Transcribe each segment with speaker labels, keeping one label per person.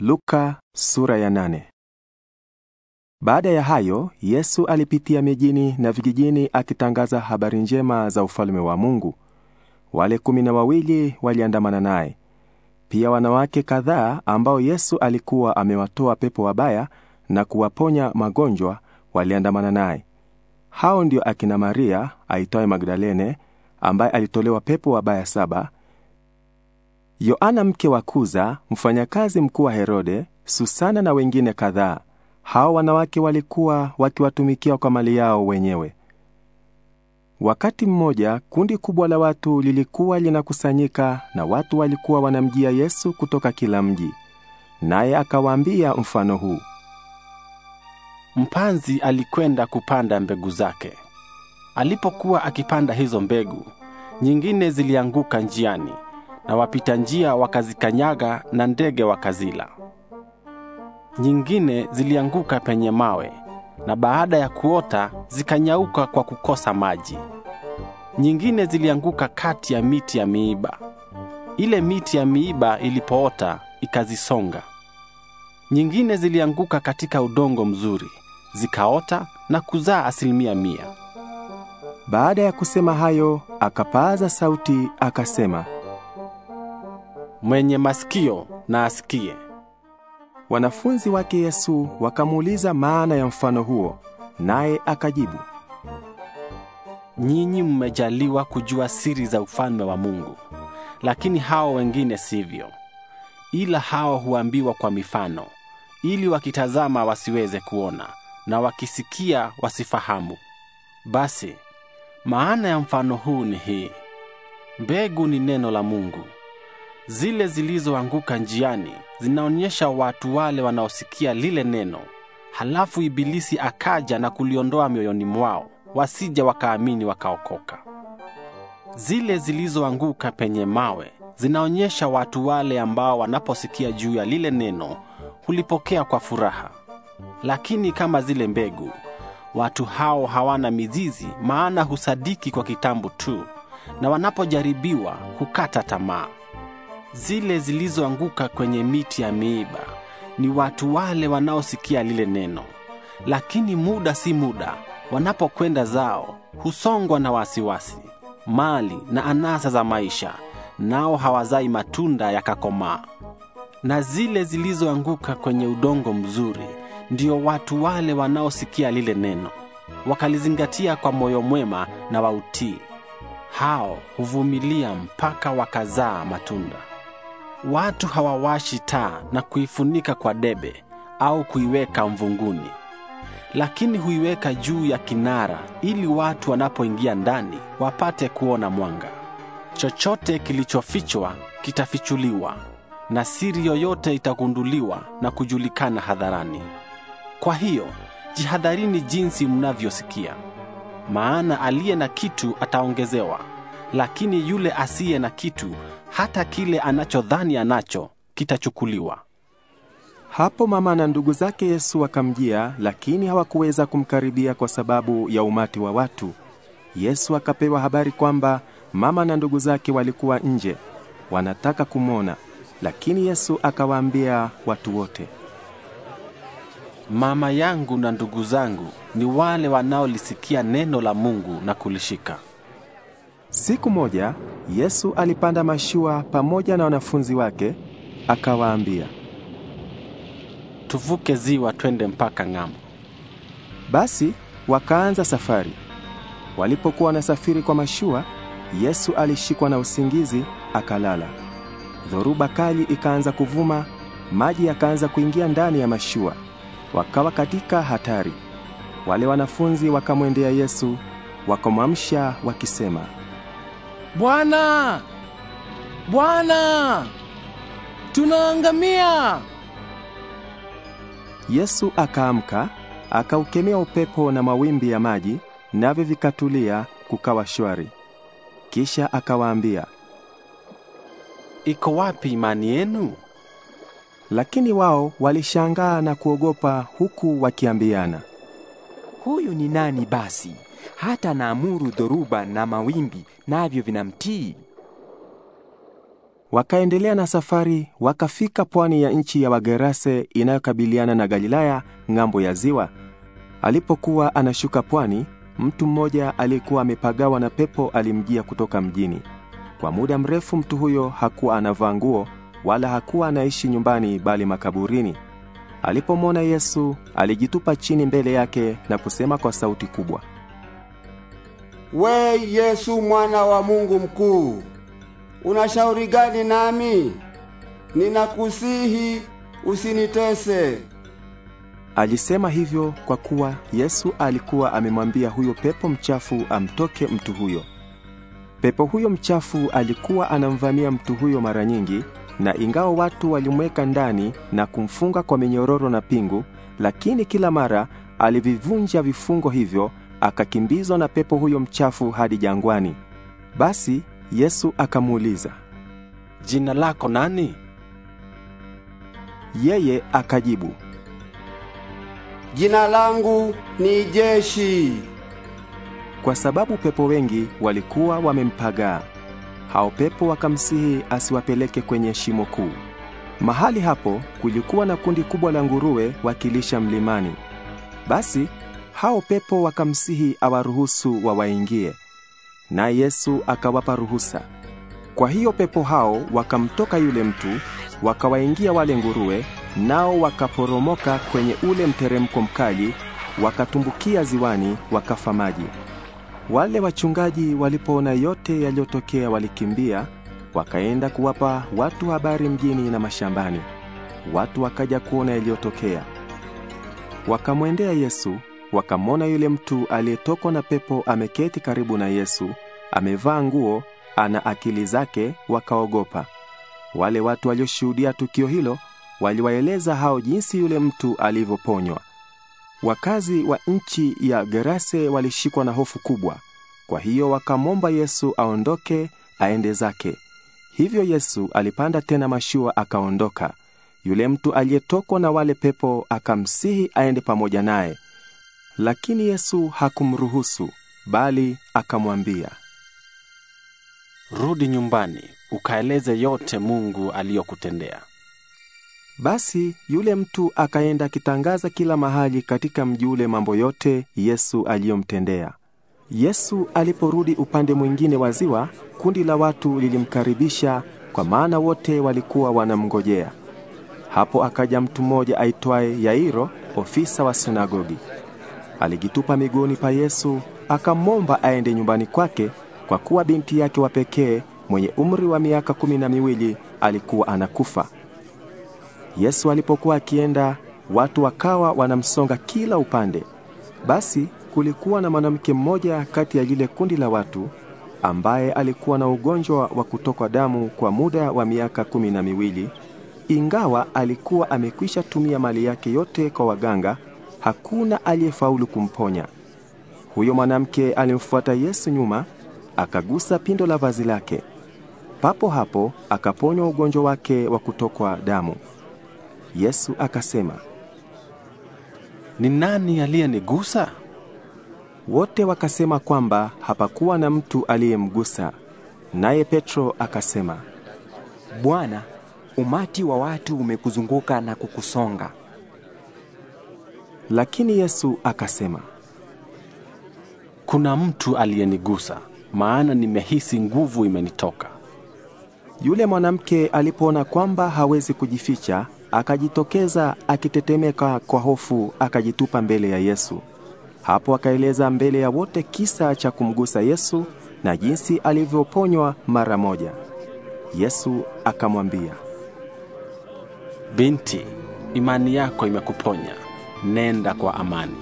Speaker 1: Luka sura ya nane. Baada ya hayo, Yesu alipitia mijini na vijijini akitangaza habari njema za ufalme wa Mungu. Wale kumi na wawili waliandamana naye, pia wanawake kadhaa ambao Yesu alikuwa amewatoa pepo wabaya na kuwaponya magonjwa waliandamana naye. Hao ndio akina Maria aitwaye Magdalene, ambaye alitolewa pepo wabaya saba, Yoana mke wa Kuza, mfanyakazi mkuu wa Herode, Susana na wengine kadhaa. Hao wanawake walikuwa wakiwatumikia kwa mali yao wenyewe. Wakati mmoja kundi kubwa la watu lilikuwa linakusanyika na watu walikuwa wanamjia Yesu kutoka kila mji. Naye akawaambia mfano huu. Mpanzi alikwenda kupanda mbegu zake. Alipokuwa akipanda hizo mbegu, nyingine zilianguka njiani na wapita njia wakazikanyaga na ndege wakazila. Nyingine zilianguka penye mawe na baada ya kuota zikanyauka kwa kukosa maji. Nyingine zilianguka kati ya miti ya miiba. Ile miti ya miiba ilipoota ikazisonga. Nyingine zilianguka katika udongo mzuri, zikaota na kuzaa asilimia mia. Baada ya kusema hayo, akapaaza sauti akasema, mwenye masikio na asikie. Wanafunzi wake Yesu wakamuuliza maana ya mfano huo, naye akajibu, nyinyi mmejaliwa kujua siri za ufalme wa Mungu, lakini hao wengine sivyo, ila hao huambiwa kwa mifano, ili wakitazama wasiweze kuona na wakisikia wasifahamu. Basi maana ya mfano huu ni hii: mbegu ni neno la Mungu zile zilizoanguka njiani zinaonyesha watu wale wanaosikia lile neno, halafu Ibilisi akaja na kuliondoa mioyoni mwao, wasija wakaamini wakaokoka. Zile zilizoanguka penye mawe zinaonyesha watu wale ambao wanaposikia juu ya lile neno hulipokea kwa furaha, lakini kama zile mbegu, watu hao hawana mizizi, maana husadiki kwa kitambo tu, na wanapojaribiwa hukata tamaa zile zilizoanguka kwenye miti ya miiba ni watu wale wanaosikia lile neno, lakini muda si muda, wanapokwenda zao husongwa na wasiwasi, mali na anasa za maisha, nao hawazai matunda yakakomaa. Na zile zilizoanguka kwenye udongo mzuri ndio watu wale wanaosikia lile neno, wakalizingatia kwa moyo mwema na wautii. Hao huvumilia mpaka wakazaa matunda. Watu hawawashi taa na kuifunika kwa debe au kuiweka mvunguni, lakini huiweka juu ya kinara ili watu wanapoingia ndani wapate kuona mwanga. Chochote kilichofichwa kitafichuliwa na siri yoyote itagunduliwa na kujulikana hadharani. Kwa hiyo jihadharini jinsi mnavyosikia, maana aliye na kitu ataongezewa, lakini yule asiye na kitu hata kile anachodhani anacho kitachukuliwa. Hapo mama na ndugu zake Yesu wakamjia, lakini hawakuweza kumkaribia kwa sababu ya umati wa watu. Yesu akapewa habari kwamba mama na ndugu zake walikuwa nje wanataka kumwona, lakini Yesu akawaambia watu wote, mama yangu na ndugu zangu ni wale wanaolisikia neno la Mungu na kulishika. Siku moja Yesu alipanda mashua pamoja na wanafunzi wake, akawaambia, tuvuke ziwa twende mpaka ng'ambo. Basi wakaanza safari. Walipokuwa wanasafiri kwa mashua, Yesu alishikwa na usingizi akalala. Dhoruba kali ikaanza kuvuma, maji yakaanza kuingia ndani ya mashua, wakawa katika hatari. Wale wanafunzi wakamwendea Yesu wakamwamsha wakisema Bwana, Bwana, tunaangamia! Yesu akaamka, akaukemea upepo na mawimbi ya maji, navyo vikatulia, kukawa shwari. Kisha akawaambia, iko wapi imani yenu? Lakini wao walishangaa na kuogopa, huku wakiambiana, huyu ni nani basi hata amuru dhoruba na mawimbi, navyo vinamtii. Wakaendelea na safari, wakafika pwani ya nchi ya Wagerase inayokabiliana na Galilaya ng'ambo ya ziwa. Alipokuwa anashuka pwani, mtu mmoja aliyekuwa amepagawa na pepo alimjia kutoka mjini. Kwa muda mrefu mtu huyo hakuwa anavaa nguo wala hakuwa anaishi nyumbani bali makaburini. Alipomwona Yesu, alijitupa chini mbele yake na kusema kwa sauti kubwa, We Yesu mwana wa Mungu mkuu, unashauri gani nami? Ninakusihi usinitese. Alisema hivyo kwa kuwa Yesu alikuwa amemwambia huyo pepo mchafu amtoke mtu huyo. Pepo huyo mchafu alikuwa anamvamia mtu huyo mara nyingi, na ingawa watu walimweka ndani na kumfunga kwa minyororo na pingu, lakini kila mara alivivunja vifungo hivyo akakimbizwa na pepo huyo mchafu hadi jangwani. Basi Yesu akamuuliza, jina lako nani? Yeye akajibu, jina langu ni Jeshi, kwa sababu pepo wengi walikuwa wamempagaa. Hao pepo wakamsihi asiwapeleke kwenye shimo kuu. Mahali hapo kulikuwa na kundi kubwa la nguruwe wakilisha mlimani. Basi hao pepo wakamsihi awaruhusu wawaingie, na Yesu akawapa ruhusa. Kwa hiyo pepo hao wakamtoka yule mtu, wakawaingia wale nguruwe, nao wakaporomoka kwenye ule mteremko mkali, wakatumbukia ziwani, wakafa maji. Wale wachungaji walipoona yote yaliyotokea, walikimbia wakaenda kuwapa watu habari mjini na mashambani. Watu wakaja kuona yaliyotokea, wakamwendea Yesu wakamwona yule mtu aliyetokwa na pepo ameketi karibu na Yesu, amevaa nguo, ana akili zake, wakaogopa. Wale watu walioshuhudia tukio hilo waliwaeleza hao jinsi yule mtu alivyoponywa. Wakazi wa nchi ya Gerase walishikwa na hofu kubwa. Kwa hiyo wakamwomba Yesu aondoke aende zake. Hivyo Yesu alipanda tena mashua akaondoka. Yule mtu aliyetokwa na wale pepo akamsihi aende pamoja naye. Lakini Yesu hakumruhusu, bali akamwambia, rudi nyumbani ukaeleze yote Mungu aliyokutendea. Basi yule mtu akaenda akitangaza kila mahali katika mji ule mambo yote Yesu aliyomtendea. Yesu aliporudi upande mwingine wa ziwa, kundi la watu lilimkaribisha kwa maana wote walikuwa wanamngojea. Hapo akaja mtu mmoja aitwaye Yairo, ofisa wa sinagogi alijitupa miguuni pa Yesu akamwomba aende nyumbani kwake, kwa kuwa binti yake wa pekee mwenye umri wa miaka kumi na miwili alikuwa anakufa. Yesu alipokuwa akienda, watu wakawa wanamsonga kila upande. Basi kulikuwa na mwanamke mmoja kati ya lile kundi la watu ambaye alikuwa na ugonjwa wa kutokwa damu kwa muda wa miaka kumi na miwili, ingawa alikuwa amekwisha tumia mali yake yote kwa waganga hakuna aliyefaulu kumponya. Huyo mwanamke alimfuata Yesu nyuma, akagusa pindo la vazi lake. Papo hapo akaponywa ugonjwa wake wa kutokwa damu. Yesu akasema, ni nani aliyenigusa? Wote wakasema kwamba hapakuwa na mtu aliyemgusa, naye Petro akasema, Bwana, umati wa watu umekuzunguka na kukusonga. Lakini Yesu akasema, kuna mtu aliyenigusa, maana nimehisi nguvu imenitoka. Yule mwanamke alipoona kwamba hawezi kujificha, akajitokeza akitetemeka kwa hofu, akajitupa mbele ya Yesu. Hapo akaeleza mbele ya wote kisa cha kumgusa Yesu na jinsi alivyoponywa mara moja. Yesu akamwambia, binti, imani yako imekuponya nenda kwa amani.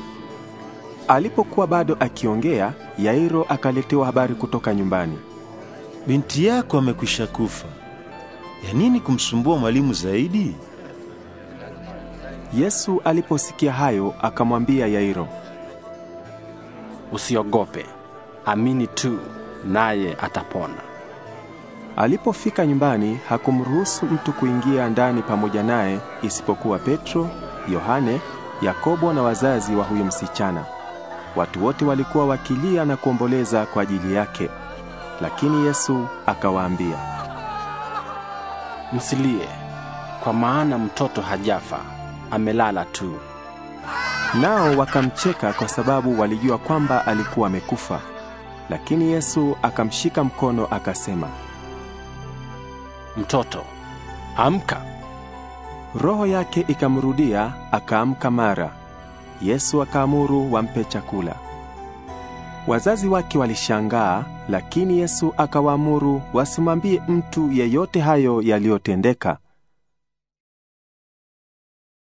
Speaker 1: Alipokuwa bado akiongea, Yairo akaletewa habari kutoka nyumbani. Binti yako amekwisha kufa. Ya nini kumsumbua mwalimu zaidi? Yesu aliposikia hayo akamwambia Yairo, usiogope, amini tu, naye atapona. Alipofika nyumbani hakumruhusu mtu kuingia ndani pamoja naye isipokuwa Petro, Yohane Yakobo na wazazi wa huyo msichana. Watu wote walikuwa wakilia na kuomboleza kwa ajili yake, lakini Yesu akawaambia, msilie, kwa maana mtoto hajafa, amelala tu. Nao wakamcheka kwa sababu walijua kwamba alikuwa amekufa. Lakini Yesu akamshika mkono akasema, mtoto amka. Roho yake ikamrudia akaamka mara. Yesu akaamuru wampe chakula. Wazazi wake walishangaa, lakini Yesu akawaamuru wasimwambie mtu yeyote hayo yaliyotendeka.